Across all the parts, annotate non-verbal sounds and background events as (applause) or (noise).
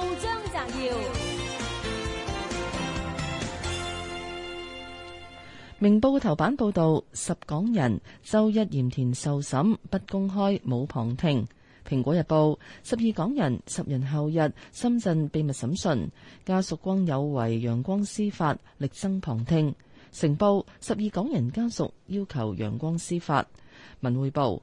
報章摘要，明報嘅頭版報道：十港人周一鹽田受審，不公開冇旁聽。蘋果日報：十二港人，十人後日深圳秘密審訊，家屬光有違陽光司法力爭旁聽。成報：十二港人家屬要求陽光司法。文匯報。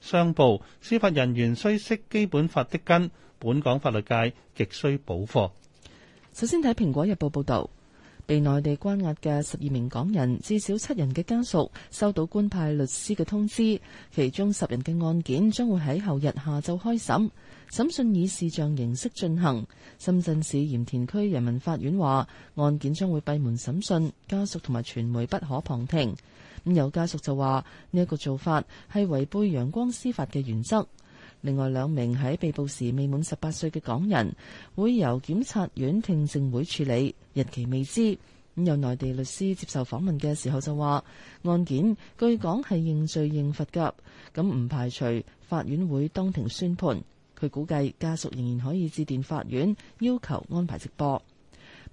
商報司法人員需識基本法的根，本港法律界極需補課。首先睇《蘋果日報》報導，被內地關押嘅十二名港人，至少七人嘅家屬收到官派律師嘅通知，其中十人嘅案件將會喺後日下晝開審，審訊以視像形式進行。深圳市鹽田區人民法院話，案件將會閉門審訊，家屬同埋傳媒不可旁聽。咁有家屬就話：呢一個做法係違背陽光司法嘅原則。另外兩名喺被捕時未滿十八歲嘅港人，會由檢察院聽證會處理，日期未知。咁有內地律師接受訪問嘅時候就話：案件據講係認罪認罰嘅，咁唔排除法院會當庭宣判。佢估計家屬仍然可以致電法院要求安排直播。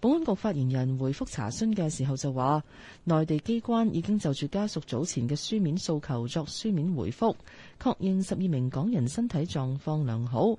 保安局發言人回覆查詢嘅時候就話，內地機關已經就住家屬早前嘅書面訴求作書面回覆，確認十二名港人身體狀況良好。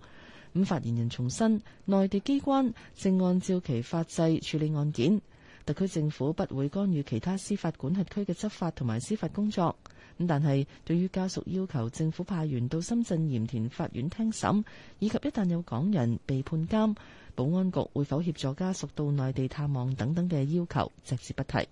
咁發言人重申，內地機關正按照其法制處理案件，特區政府不會干預其他司法管轄區嘅執法同埋司法工作。咁但係對於家屬要求政府派員到深圳鹽田法院聽審，以及一旦有港人被判監，保安局會否協助家屬到內地探望等等嘅要求，隻字不提。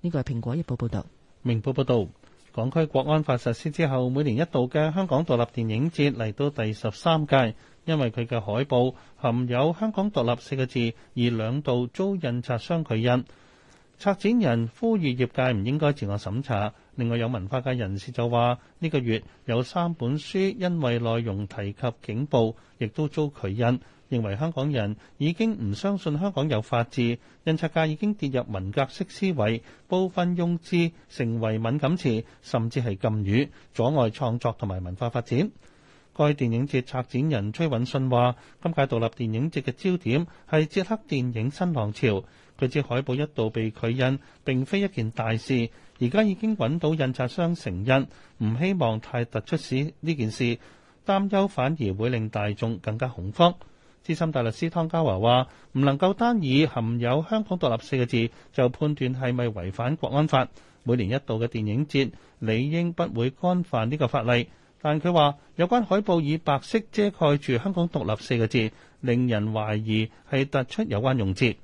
呢個係《蘋果日報》報導，《明報》報導，港區國安法實施之後，每年一度嘅香港獨立電影節嚟到第十三屆，因為佢嘅海報含有香港獨立四個字，而兩度遭印刷商拒印。策展人呼籲業界唔應該自我審查。另外有文化界人士就話：呢個月有三本書因為內容提及警暴，亦都遭拒印，認為香港人已經唔相信香港有法治，印刷界已經跌入文革式思維，部分用字成為敏感詞，甚至係禁語，阻礙創作同埋文化發展。該電影節策展人崔允信話：今屆獨立電影節嘅焦點係捷克電影新浪潮。佢指海報一度被拒印，並非一件大事。而家已經揾到印刷商承認，唔希望太突出使呢件事，擔憂反而會令大眾更加恐慌。資深大律師湯家驊話：唔能夠單以含有香港獨立四個字就判斷係咪違反國安法。每年一度嘅電影節理應不會干犯呢個法例，但佢話有關海報以白色遮蓋住香港獨立四個字，令人懷疑係突出有關用字。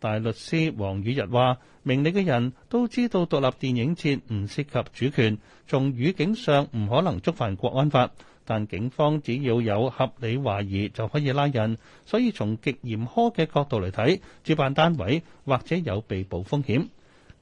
大律師黃宇日話：明理嘅人都知道，獨立電影節唔涉及主權，從語境上唔可能觸犯國安法。但警方只要有合理懷疑就可以拉人，所以從極嚴苛嘅角度嚟睇，主辦單位或者有被捕風險。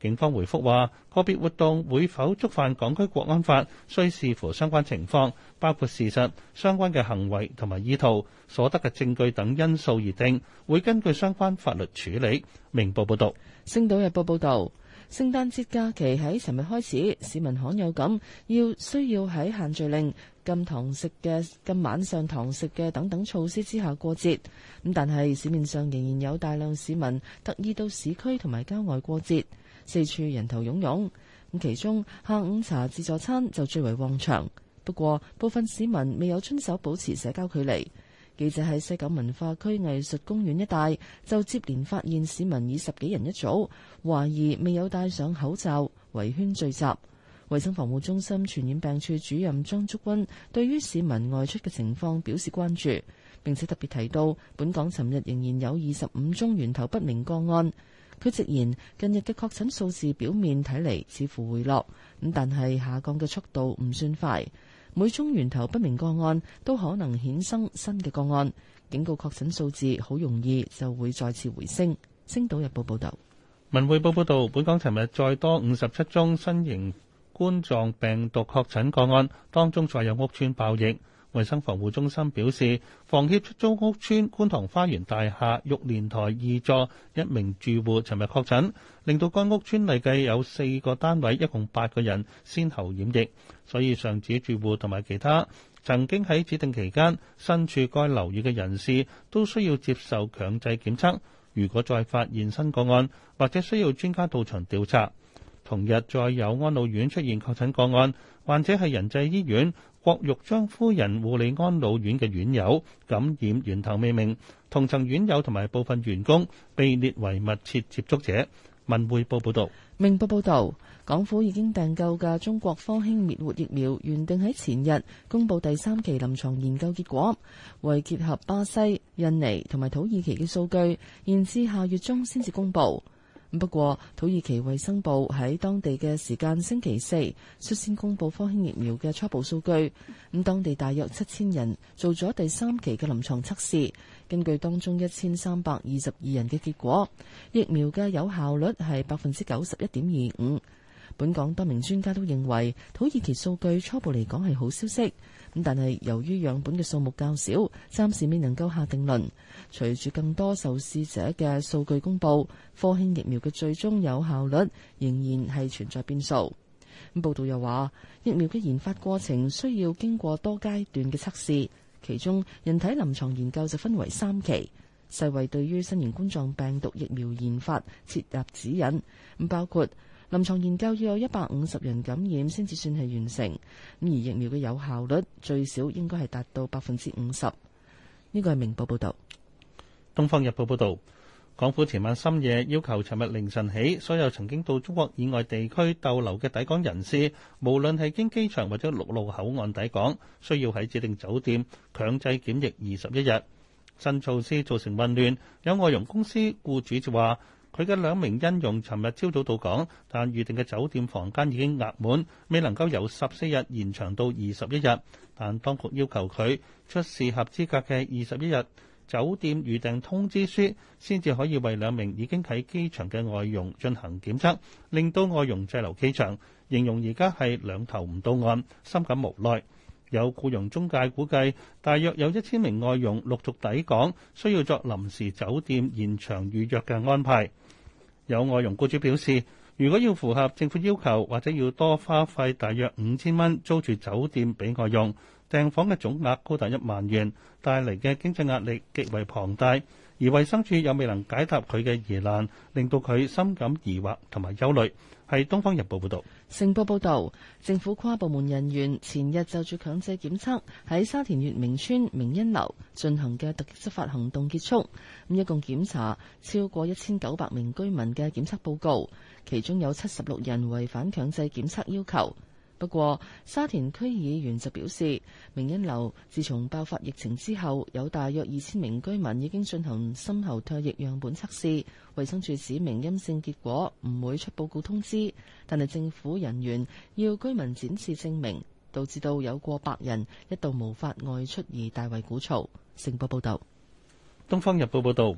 警方回覆話：個別活動會否觸犯港區國安法，需視乎相關情況，包括事實、相關嘅行為同埋意圖、所得嘅證據等因素而定，會根據相關法律處理。明報報道。《星島日報》報道。聖誕節假期喺尋日開始，市民罕有咁要需要喺限聚令、禁堂食嘅、禁晚上堂食嘅等等措施之下過節。咁但係市面上仍然有大量市民特意到市區同埋郊外過節，四處人頭湧湧。咁其中下午茶自助餐就最為旺場，不過部分市民未有遵守保持社交距離。記者喺西九文化區藝術公園一帶就接連發現市民以十幾人一組，懷疑未有戴上口罩圍圈聚集。衞生防護中心傳染病處主任張竹君對於市民外出嘅情況表示關注，並且特別提到，本港尋日仍然有二十五宗源頭不明個案。佢直言，近日嘅確診數字表面睇嚟似乎回落，但係下降嘅速度唔算快。每宗源頭不明個案都可能衍生新嘅個案，警告確診數字好容易就會再次回升。星島日報報道，文匯報報道，本港尋日再多五十七宗新型冠狀病毒確診個案，當中再有屋邨爆疫。衛生防護中心表示，房協出租屋村觀塘花園大廈玉蓮台二座一名住戶尋日確診，令到該屋村累計有四個單位，一共八個人先後染疫，所以上址住戶同埋其他曾經喺指定期間身處該樓宇嘅人士都需要接受強制檢測，如果再發現新個案，或者需要專家到場調查。同日再有安老院出現確診個案，患者係仁濟醫院郭玉章夫人護理安老院嘅院友感染源頭未明，同層院友同埋部分員工被列為密切接觸者。文匯報報道，明報報道，港府已經訂購嘅中國科興滅活疫苗原定喺前日公布第三期臨牀研究結果，為結合巴西、印尼同埋土耳其嘅數據，延至下月中先至公布。不過，土耳其衛生部喺當地嘅時間星期四率先公布科興疫苗嘅初步數據。咁當地大約七千人做咗第三期嘅臨床測試，根據當中一千三百二十二人嘅結果，疫苗嘅有效率係百分之九十一點二五。本港多名專家都認為土耳其數據初步嚟講係好消息，咁但係由於樣本嘅數目較少，暫時未能夠下定論。隨住更多受試者嘅數據公布，科興疫苗嘅最終有效率仍然係存在變數。咁報道又話疫苗嘅研發過程需要經過多階段嘅測試，其中人體臨床研究就分為三期，世衛對於新型冠狀病毒疫苗研發設立指引，咁包括。臨床研究要有一百五十人感染先至算係完成，咁而疫苗嘅有效率最少應該係達到百分之五十。呢個係明報報導。《東方日報》報導，港府前晚深夜要求尋日凌晨起，所有曾經到中國以外地區逗留嘅抵港人士，無論係經機場或者陸路口岸抵港，需要喺指定酒店強制檢疫二十一日。新措施造成混亂，有外傭公司僱主就話：佢嘅兩名恩傭，尋日朝早到港，但預定嘅酒店房間已經壓滿，未能夠由十四日延長到二十一日。但當局要求佢出示合資格嘅二十一日酒店預訂通知書，先至可以為兩名已經喺機場嘅外傭進行檢測，令到外傭滯留機場。形容而家係兩頭唔到岸，深感無奈。有雇傭中介估計，大約有一千名外傭陸續抵港，需要作臨時酒店現場預約嘅安排。有外傭雇主表示，如果要符合政府要求，或者要多花費大約五千蚊租住酒店俾外傭，訂房嘅總額高達一萬元，帶嚟嘅經濟壓力極為龐大。而衛生署又未能解答佢嘅疑難，令到佢深感疑惑同埋憂慮。係《東方日報》報道，成報報道，政府跨部門人員前日就住強制檢測喺沙田乙明邨明恩樓進行嘅突擊執法行動結束，咁一共檢查超過一千九百名居民嘅檢測報告，其中有七十六人違反強制檢測要求。不過，沙田區議員就表示，明恩樓自從爆發疫情之後，有大約二千名居民已經進行深喉唾液樣本測試。衛生署指明陰性結果唔會出報告通知，但係政府人員要居民展示證明，導致到有過百人一度無法外出而大為鼓噪。成報報道，《東方日報》報道。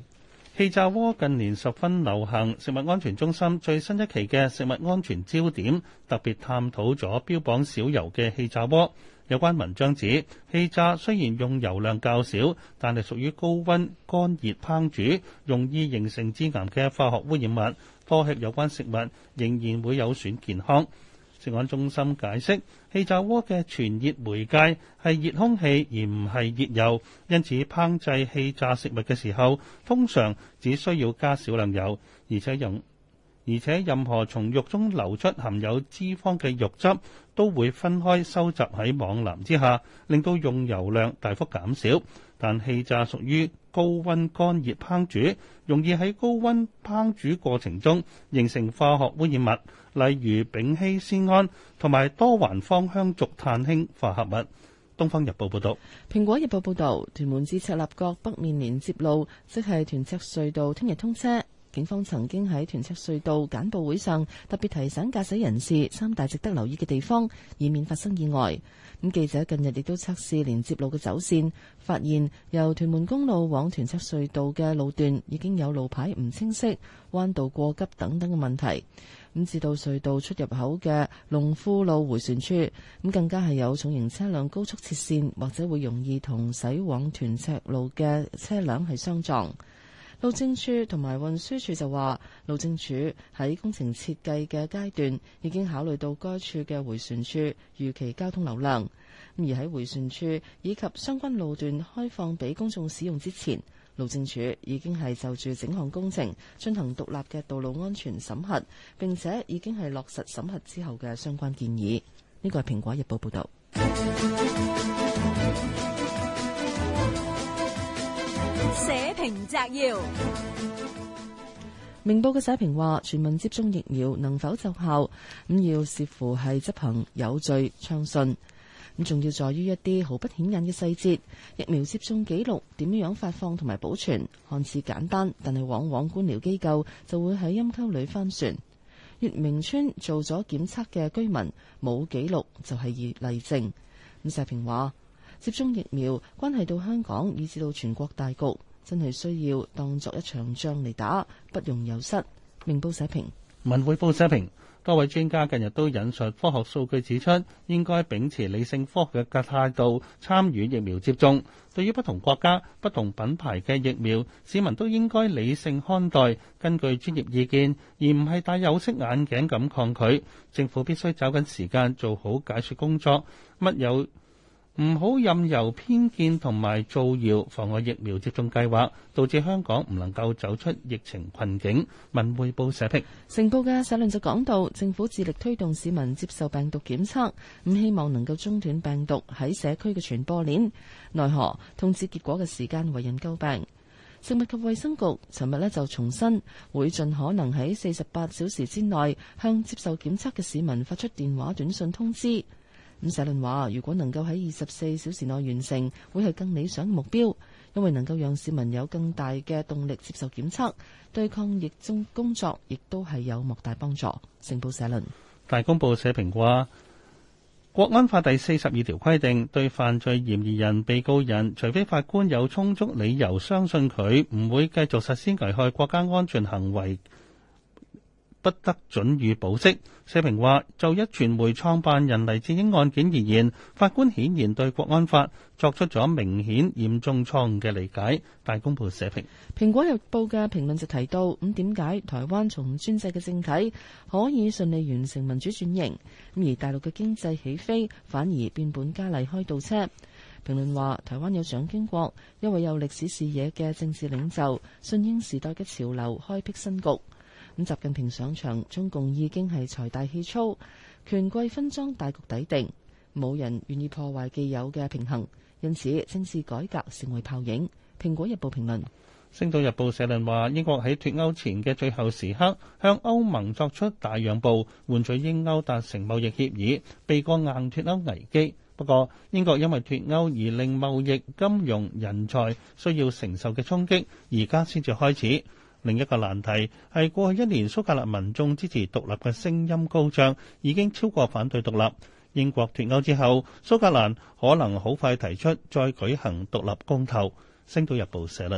氣炸鍋近年十分流行，食物安全中心最新一期嘅《食物安全焦點》特別探討咗標榜少油嘅氣炸鍋。有關文章指，氣炸雖然用油量較少，但係屬於高溫乾熱烹煮，容易形成致癌嘅化學污染物。多吃有關食物仍然會有損健康。食安中心解釋，氣炸鍋嘅傳熱媒介係熱空氣，而唔係熱油，因此烹製氣炸食物嘅時候，通常只需要加少量油，而且用。而且任何從肉中流出含有脂肪嘅肉汁都會分開收集喺網籃之下，令到用油量大幅減少。但氣炸屬於高温乾熱烹煮，容易喺高温烹煮過程中形成化學污染物，例如丙烯酰胺同埋多環芳香族碳氫化合物。《東方日報》報導，《蘋果日報》報導，屯門至赤鱲角北面連接路即係屯赤隧道，聽日通車。警方曾經喺屯赤隧道簡報會上特別提醒駕駛人士三大值得留意嘅地方，以免發生意外。咁、嗯、記者近日亦都測試連接路嘅走線，發現由屯門公路往屯赤隧道嘅路段已經有路牌唔清晰、彎道過急等等嘅問題。咁、嗯、至到隧道出入口嘅龍富路迴旋處，咁、嗯、更加係有重型車輛高速切線，或者會容易同駛往屯赤路嘅車輛係相撞。路政署同埋運輸署就話，路政署喺工程設計嘅階段已經考慮到該處嘅迴旋處預期交通流量。而喺迴旋處以及相關路段開放俾公眾使用之前，路政署已經係就住整項工程進行獨立嘅道路安全審核，並且已經係落實審核之後嘅相關建議。呢個係《蘋果日報》報道。 (music) 社評摘要，明報嘅社評話：全民接種疫苗能否奏效？咁、嗯、要視乎係執行有序暢順，咁、嗯、仲要在於一啲毫不顯眼嘅細節。疫苗接種記錄點樣樣發放同埋保存，看似簡單，但係往往官僚機構就會喺陰溝裏翻船。月明村做咗檢測嘅居民冇記錄就係以例證。咁社評話：接種疫苗關係到香港以至到全國大局。真係需要當作一場仗嚟打，不容有失。明報社評，文匯報社評，多位專家近日都引述科學數據指出，應該秉持理性科學嘅態度參與疫苗接種。對於不同國家、不同品牌嘅疫苗，市民都應該理性看待，根據專業意見，而唔係戴有色眼鏡咁抗拒。政府必須找緊時間做好解說工作，乜有？唔好任由偏見同埋造謠妨礙疫苗接種計劃，導致香港唔能夠走出疫情困境。文匯報社評，成報嘅社論就講到，政府致力推動市民接受病毒檢測，唔希望能夠中斷病毒喺社區嘅傳播鏈。奈何通知結果嘅時間為人詬病。食物及衛生局尋日呢就重申，會盡可能喺四十八小時之內向接受檢測嘅市民發出電話、短信通知。咁社論話，如果能夠喺二十四小時內完成，會係更理想嘅目標，因為能夠讓市民有更大嘅動力接受檢測，對抗疫工作亦都係有莫大幫助。成報社論，大公報社評話國安法第四十二條規定，對犯罪嫌疑人、被告人，除非法官有充足理由相信佢唔會繼續實施危害國家安全行為。不得准予保釋。社評話，就一傳媒創辦人黎智英案件而言，法官顯然對國安法作出咗明顯嚴重錯誤嘅理解。大公報社評。蘋果日報嘅評論就提到：咁點解台灣從專制嘅政體可以順利完成民主轉型？咁而大陸嘅經濟起飛反而變本加厲開倒車。評論話台灣有蔣經國，因為有歷史視野嘅政治領袖，順應時代嘅潮流，開闢新局。咁習近平上場，中共已經係財大氣粗，權貴分贓大局底定，冇人願意破壞既有嘅平衡，因此政治改革成為泡影。《蘋果日報》評論，《星島日報》社論話：英國喺脱歐前嘅最後時刻，向歐盟作出大讓步，換取英歐達成貿易協議，避過硬脱歐危機。不過，英國因為脱歐而令貿易、金融、人才需要承受嘅衝擊，而家先至開始。另一個難題係過去一年蘇格蘭民眾支持獨立嘅聲音高漲，已經超過反對獨立。英國脱歐之後，蘇格蘭可能好快提出再舉行獨立公投。星島日報社論。